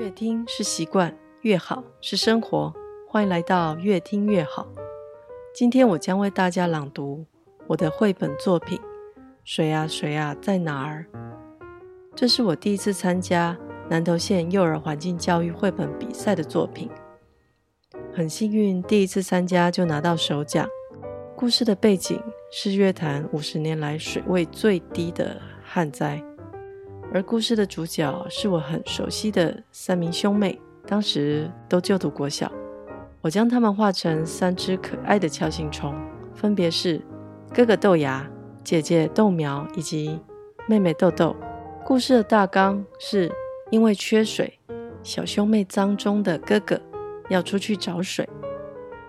閱聽是習慣，閱好是生活。歡迎來到閱聽閱好。今天我將為大家朗讀我的繪本作品《水啊水啊在哪兒》。這是我第一次參加南投縣幼兒環境教育繪本比賽的作品，很幸運第一次參加就拿到首獎。故事的背景是日月潭五十年來水位最低的旱災。而故事的主角是我很熟悉的三名兄妹，當時都就讀國小。我將他們畫成三隻可愛的鍬形蟲，分別是哥哥豆芽、姐姐豆苗以及妹妹豆豆。故事的大綱是因為缺水，小兄妹當中的哥哥要出去找水，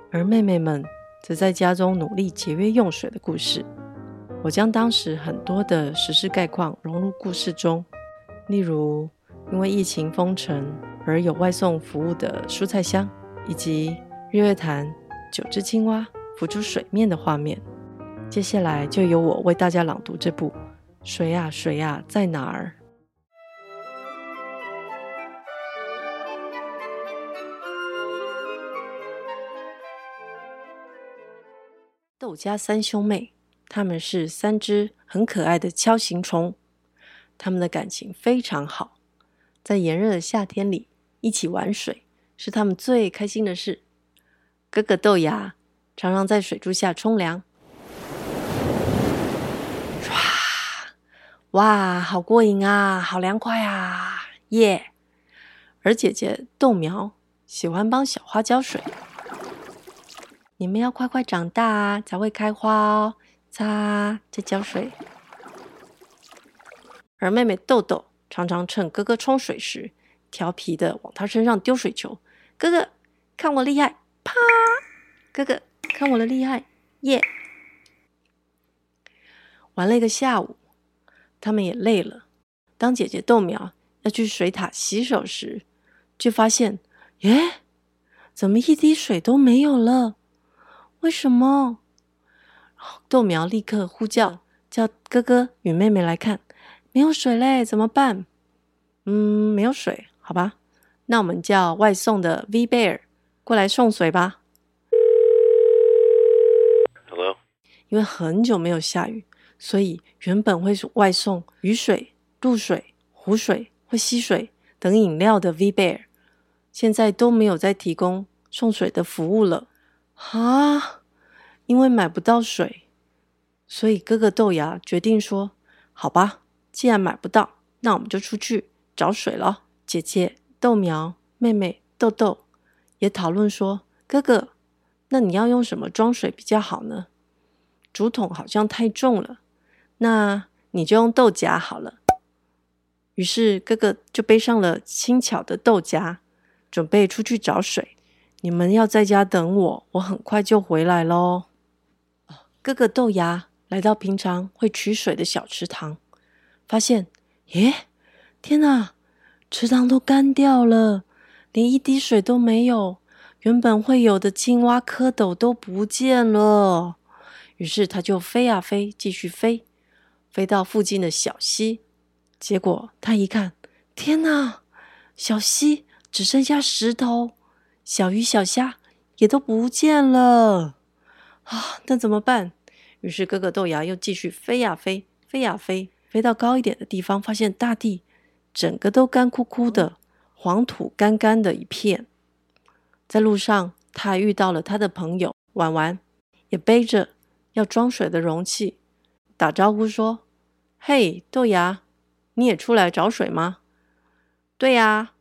而妹妹們則在家中努力節約用水的故事。我將當時很多的時事概況融入故事中。例如，因為疫情封城而有外送服務的蔬菜箱，以及日月潭九隻青蛙浮出水面的畫面。接下來就由我為大家朗讀這部《水呀水呀在哪兒》。豆家三兄妹，他們是三隻很可愛的鍬形蟲。他們的感情非常好，在炎熱的夏天裡一起玩水是他們最開心的事。哥哥豆芽常常在水柱下沖涼，唰，哇，好過癮啊，好涼快啊，耶！而姐姐豆苗喜歡幫小花澆水。你們要快快長大，才會開花哦。擦，再澆水。而妹妹豆豆常常趁哥哥沖水時，調皮的往他身上丟水球。哥哥，看我厲害！啪！哥哥，看我的厲害！耶！玩了一個下午，他們也累了。當姐姐豆苗要去水塔洗手時，就發現耶，怎麼一滴水都沒有了？為什麼？豆苗立刻呼叫，叫哥哥與妹妹來看。沒有水嘞，怎麼辦？嗯，沒有水，好吧，那我們叫外送的 V Bear 過來送水吧。Hello。因為很久沒有下雨，所以原本會外送雨水、露水、湖水或溪水等飲料的 V Bear，現在都沒有再提供送水的服務了啊！因為買不到水，所以哥哥豆芽決定說：“好吧。”既然買不到，那我們就出去找水咯。姐姐豆苗、妹妹豆豆也討論說：“哥哥，那你要用什麼裝水比較好呢？竹筒好像太重了，那你就用豆莢好了。”於是哥哥就背上了輕巧的豆莢，準備出去找水。你們要在家等我，我很快就回來咯。哥哥豆芽來到平常會取水的小池塘。發現，耶！天哪，池塘都乾掉了，連一滴水都沒有。原本會有的青蛙、蝌蚪都不見了。於是他就飛呀飛，繼續飛，飛到附近的小溪。結果他一看，天哪！小溪只剩下石頭，小魚、小蝦也都不見了。啊，那怎麼辦？於是哥哥豆芽又繼續飛呀飛，飛呀飛。飛到高一點的地方，發現大地整個都乾枯枯的，黃土乾乾的一片。在路上，他還遇到了他的朋友婉婉，也背着要裝水的容器，打招呼說：“嘿，豆芽，你也出來找水嗎？”“對呀、啊，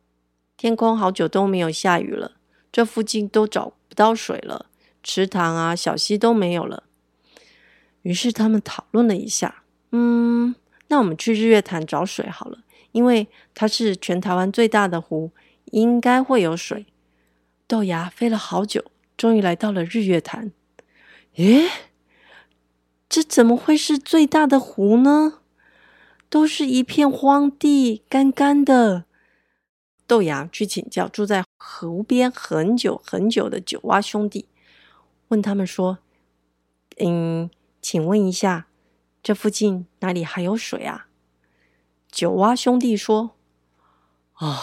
天空好久都沒有下雨了，這附近都找不到水了，池塘啊、小溪都沒有了。”於是他們討論了一下，“嗯。”那我們去日月潭找水好了，因為它是全台灣最大的湖，應該會有水。豆芽飛了好久，終於來到了日月潭。咦，這怎麼會是最大的湖呢？都是一片荒地，乾乾的。豆芽去請教住在湖邊很久很久的九蛙兄弟，問他們說：“嗯，請問一下。”這附近哪裡還有水啊？九蛙兄弟說：“啊、哦，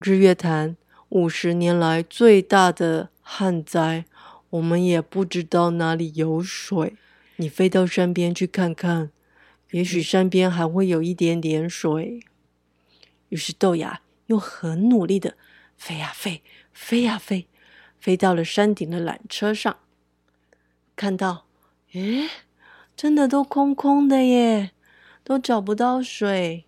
日月潭五十年來最大的旱災，我們也不知道哪裡有水。你飛到山邊去看看，也許山邊還會有一點點水。於”於是豆芽又很努力地飛呀、啊、飛，飛呀、啊、飛，飛到了山頂的纜車上，看到，誒。真的都空空的耶，都找不到水。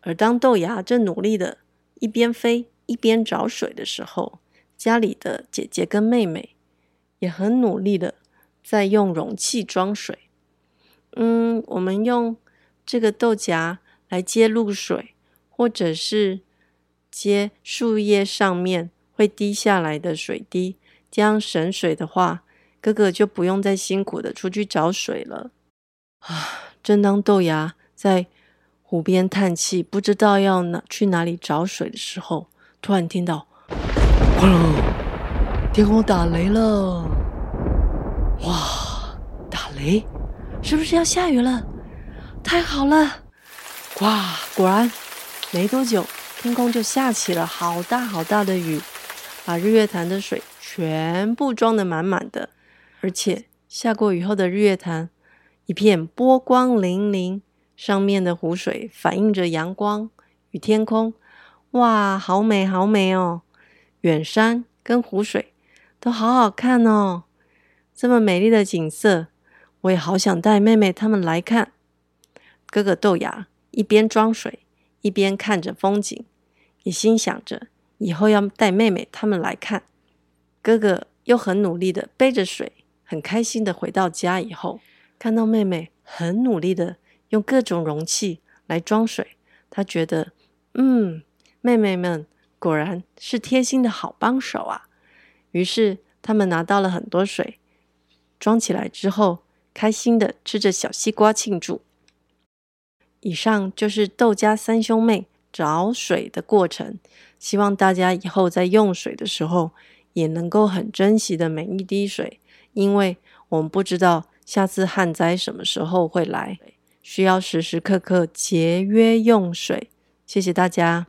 而當豆芽正努力的一邊飛一邊找水的時候，家裡的姐姐跟妹妹也很努力的在用容器裝水。嗯，我們用這個豆莢來接露水，或者是接樹葉上面會滴下來的水滴，這樣省水的話，哥哥就不用再辛苦的出去找水了。啊！正當豆芽在湖邊嘆氣，不知道要哪去哪裡找水的時候，突然聽到哇，天空打雷了！哇，打雷，是不是要下雨了？太好了！哇，果然沒多久，天空就下起了好大好大的雨，把日月潭的水全部裝得滿滿的。而且下過雨後的日月潭。一片波光粼粼，上面的湖水反映着陽光與天空，哇，好美，好美哦！遠山跟湖水都好好看哦。這麼美麗的景色，我也好想帶妹妹他們來看。哥哥豆芽一邊裝水，一邊看着風景，也心想着以後要帶妹妹他們來看。哥哥又很努力的背着水，很開心的回到家以後。看到妹妹很努力的用各種容器來裝水，她覺得，嗯，妹妹們果然，是貼心的好幫手啊。於是，他們拿到了很多水，裝起來之後，開心的吃着小西瓜慶祝。以上就是豆家三兄妹找水的過程，希望大家以後在用水的時候，也能夠很珍惜的每一滴水，因為我們不知道。下次旱災什麼時候會來？需要時時刻刻節約用水。謝謝大家。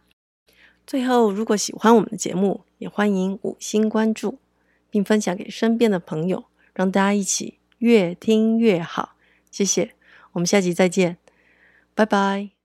最後，如果喜歡我們的節目，也歡迎五星關注，並分享給身邊的朋友，讓大家一起越聽越好。謝謝，我們下集再見，拜拜。